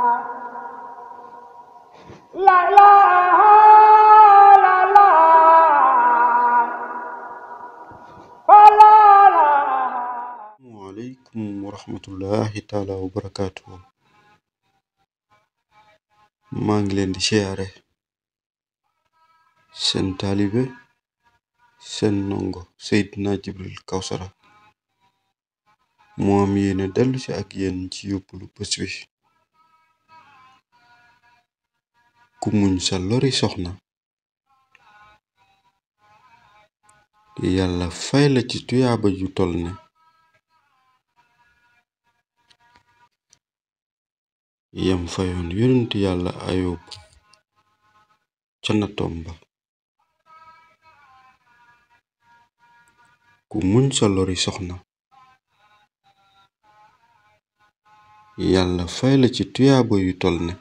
Oh, Assalamualaikum warahmatullahi taala wabarakatuh maa ngi leen di siyaare seen taalibe seen ndongo Seydina Jibril Kawsara moo am yéene dellu si ak yéen ci yóbbalu bés ku muñ lori soxna yàlla fay la ci tuyaaba ju toll ne yam fayoon yonent yàlla ayub ca natoom ba ku muñ sa lori soxna yàlla fay ci tuyaaba yu toll ne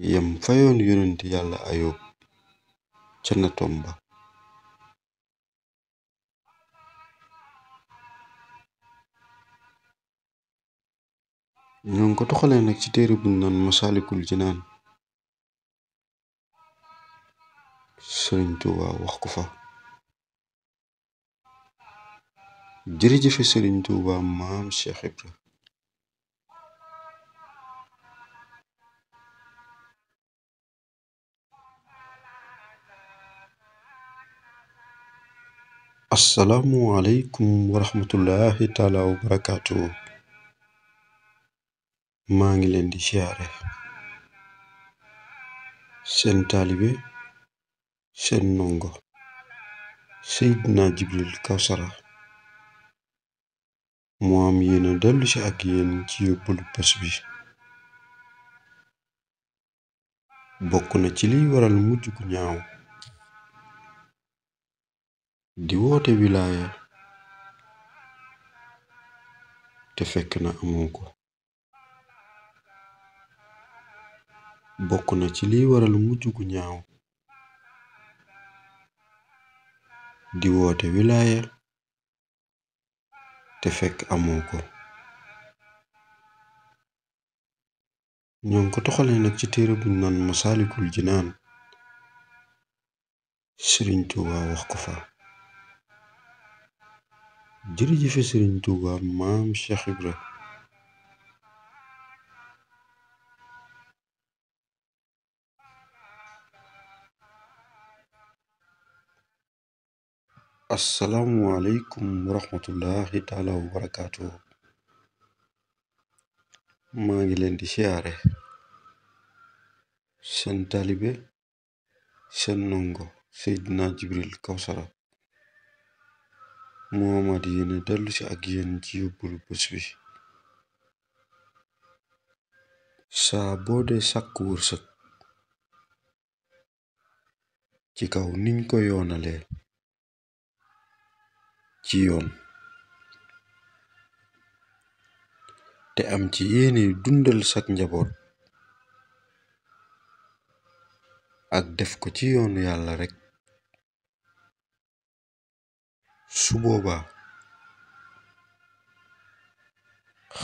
yam fayoon yonent yàlla ayub ca natoom ba ñoo ngi ko toxalee nag ci téere bu naan masaalikul jinaan sëriñ Tuuba wax ko fa jërëjëfe sëriñ Tuuba maam Cheikh Ibra asalaamualeykum wa rahmatullahi taala wa maa ngi leen di siyaare seen taalibe seen ndongo Seydina Jibril Kawsara moo am yéena dellu ak yéen ci yóbbalu bés bi bokk na ci liy waral mujj gu ñaaw di woote wilaaya te fekk na amoo ko bokk na ci liy waral mujj gu ñaaw di woote wilaaya te fekk amoo ko ñoo ko toxalee nag ci téere bu naan masaalikul jinaan sëriñ Tuuba wax ko fa jërëjëfe sëriñ Touba maam Cheikh Ibra asalaamualeykum wa rahmatullahi taala wa barakaatu maa ngi leen di siyaare seen taalibe seen nongo Seydina Jibril Kawsara Muhammad yéena dellusi ak yenn ci yóbbalu bés bi saa boo dee sàkk wërsëg ci kaw niñ ko yoonale ci yoon te am ci yéene dundal sak njaboot ak def ko ci yoonu yàlla rekk su boobaa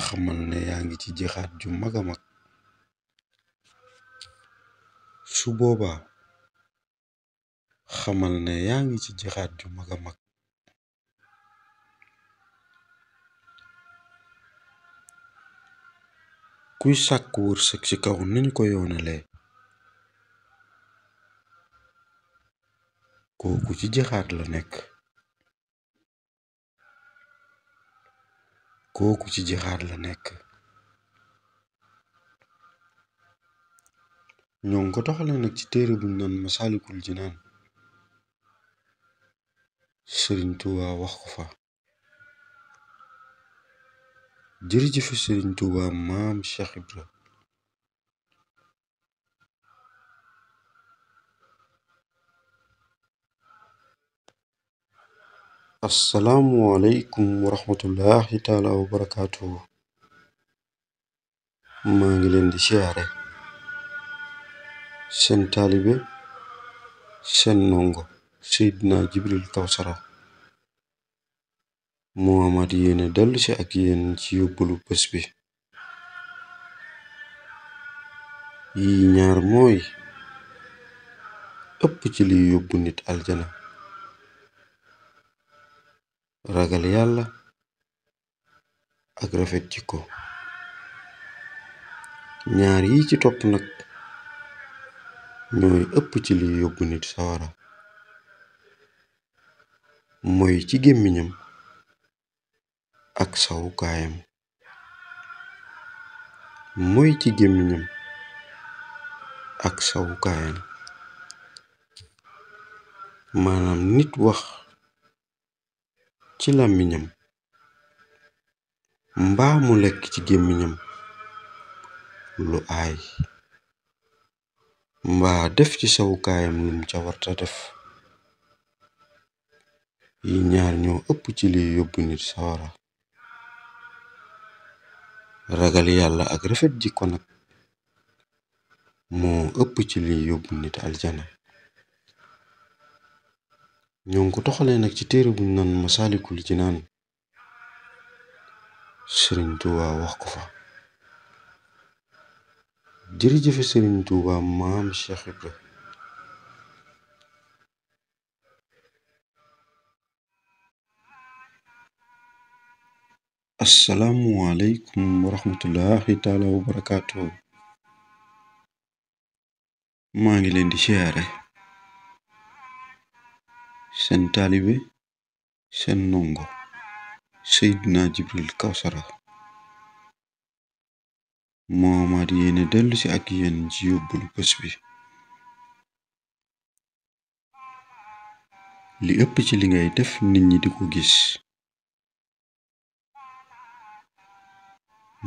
xamal ne yaa ngi ci jixaat ju mag a mag su boobaa xamal ne yaa ngi ci jixaat ju mag mag kuy sàkk wërsëg ci kaw niñ ko yoonalee kooku ci jixaat la nekk kooku ci jixaar la nekk ñoo ngi ko toxale nag ci téere buñ naan masaalikul jinaan sëriñ tuuba wax ko fa jërëjëfe sëriñ tuuba maam Cheikh Ibra Assalamu aleykum wa rahmatullahi taala wa barakatuhu maa ngi leen di siyaare seen taalibe seen ndongo Seydina Jibril Kawsara moo amaat yéene dellu ak yéen ci yóbbalu bés bi yii ñaar mooy ëpp ci liy yóbbu nit aljana ragal yalla ak rafet ko ñaar yi ci top nak ñoy ëpp ci li yobbu nit sawara moy ci gemmiñam ak kayam moy ci gemmiñam ak kayam manam nit wax ci làmmiñam mbaa mu lekk ci gémmiñam lu aay mba def ci sawukaayam lum ca warta def yi ñaar ñoo ëpp ci liy yóbbu nit sawara ragal yàlla ak rafet jikko nag moo ëpp ci liy yóbbu nit aljana ñoo ko toxalee nag ci téere buñ naan masaalikul jinaan sëriñ tuuba wax ko fa sëriñ tuuba maam Cheikh Ibra asalaamualeykum wa rahmatullahi taala wa barakaatuhu maa ngi leen di share. seen taalibe seen ndongo Seydina Jibril Kawsara moo amaat yéene ak yéen ci yóbbalu bés bi li ëpp ci li ngay def nit ñi di ko gis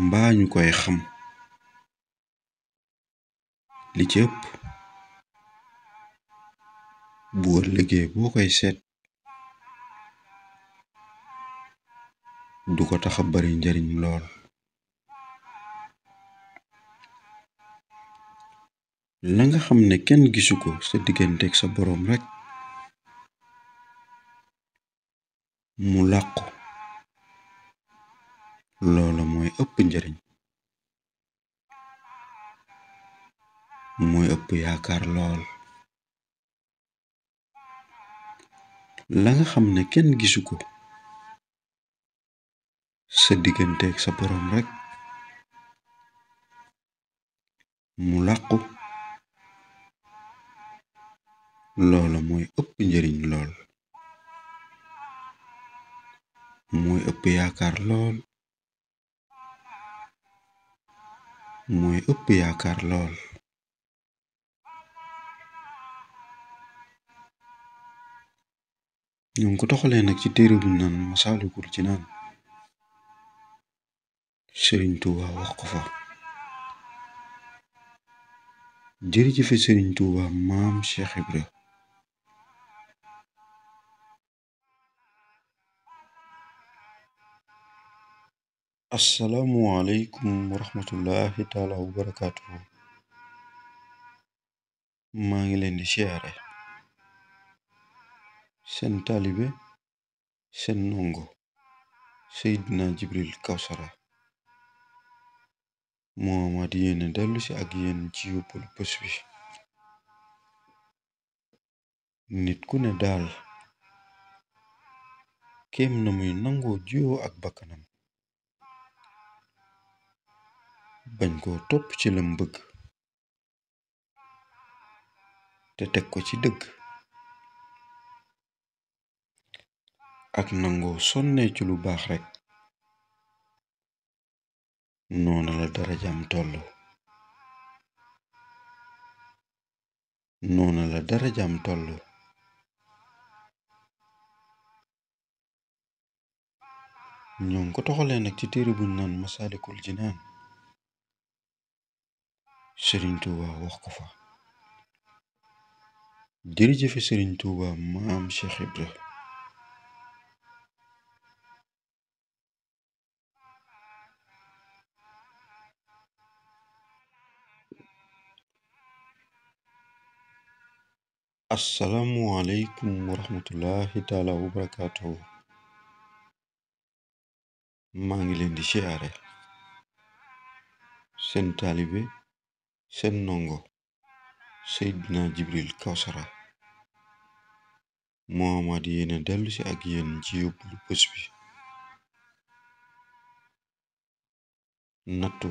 mbaa koy xam li ci ëpp بوقلجه وقيسات du ko taxa bari njariñ lool la nga xam ne kenn gisu ko sa digganteeg sa boroom rekk mu làqu loola mooy ëpp njariñ mooy ëpp yaakaar lool la nga xam ne kenn gisu ko sa digganteeg sa boroom rekk mu làqu loola mooy ëpp njariñ lool mooy ëpp yaakaar lool mooy ëpp yaakaar lool ñoo ngi ko toxalee nag ci téere buñ naan Masaalikul Jinaan sëriñ Touba wax ko fa jërëjëfe sëriñ Touba maam Cheikh Ibra asalaamualeykum wa rahmatullahi taala wa maa ngi leen di siyaare Sen taalibe Sen Nongo, Seydina Jibril Kawsara moo yene yéene ci ak yene ci yóbbalu bés bi nit ku ne dal kem na muy nango jio ak bakanam bañ ko top ci lam bëgg te tek ko ci dëgg ak nangoo sonne ci lu baax rek noona la darajaam tollu noona ñoo ngi ko toxalee nag ci téere buñ naan masaalikul jinaan sëriñ tuuba wax ko fa jërëjëfe sëriñ tuuba maam Cheikh Ibra asalaamualeykum wa rahmatullahi taala barakaatu maa ngi leen di siyaare seen taalibe ndongo Seydina Jibril Kawsara moo amaat yéena dellu si ak yéen ci yóbbalu nattu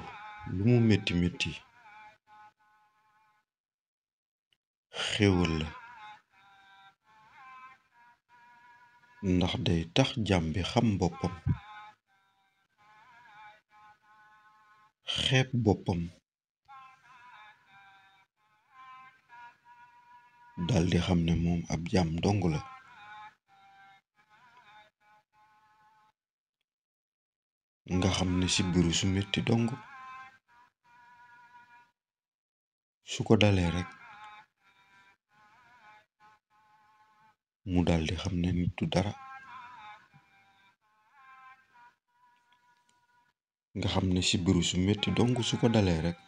lu metti metti xéewal ndax day tax jaam bi xam boppam xeeb boppam daldi xam ne moom a jam dong la nga xam ne sibiru su metti dong su ko dalee rekk mu daal di xam ne nit dara nga xam ne sibiru su metti dong su ko dalee rek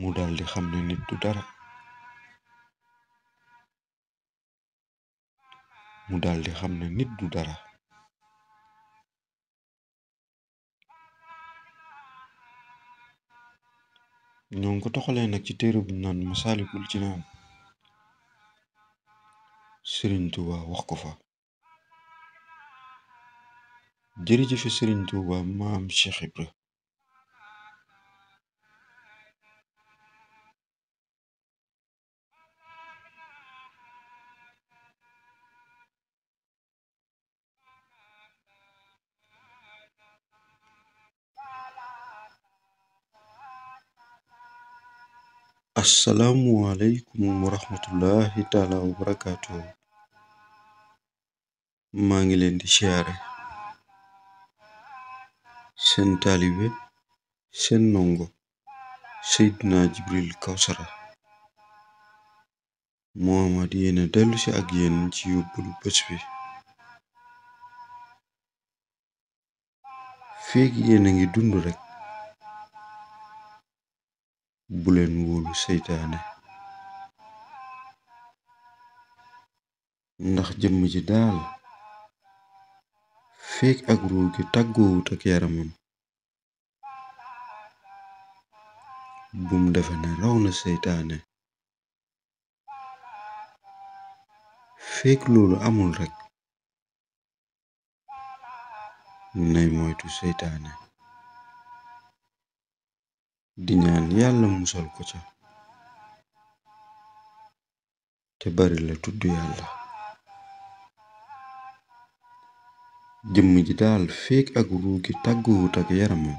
mu daal di xam ne nit du dara mu daldi xam ne nit du dara ñoo ngi ko toxalee nag ci téere bu naan Masaalikul Jinaan Sëriñ Tuuba wax ko fa jërëjëfe Sëriñ Tuuba maam Cheikh Ibra Assalamualaikum warahmatullahi taala wabarakatuh. maa ngi di share. Sen talibé, sen nongo. Jibril Kawsara Muhammad yéena delu ci ak yéen ci yobul bés bi feeg ngi dund rek buleen wóolu seytaane ndax jëmm ji daal feek ak ruu gi tàggoowut ak yaramam bum defe ne raw na seytaane feek loolu amul rekk nay moytu seytaane di yàlla musal ko ca te bari la tudd yàlla jëmm ji daal feek ak ruugi tàgguwut ak yaramam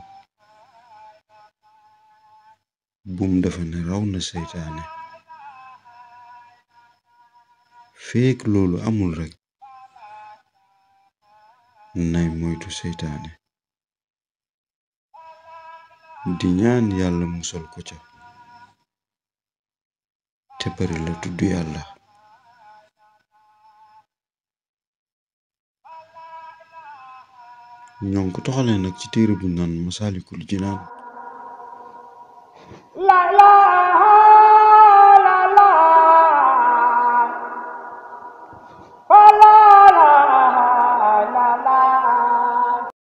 bum dafa ne raw na seytaane feek loolu amul rekk nay moytu seytaane di ñaan yàlla musal ko ca te bari la tudd yàlla ñoo ngi ko toxalee nag ci téere bu naan Masaalikul Jinaan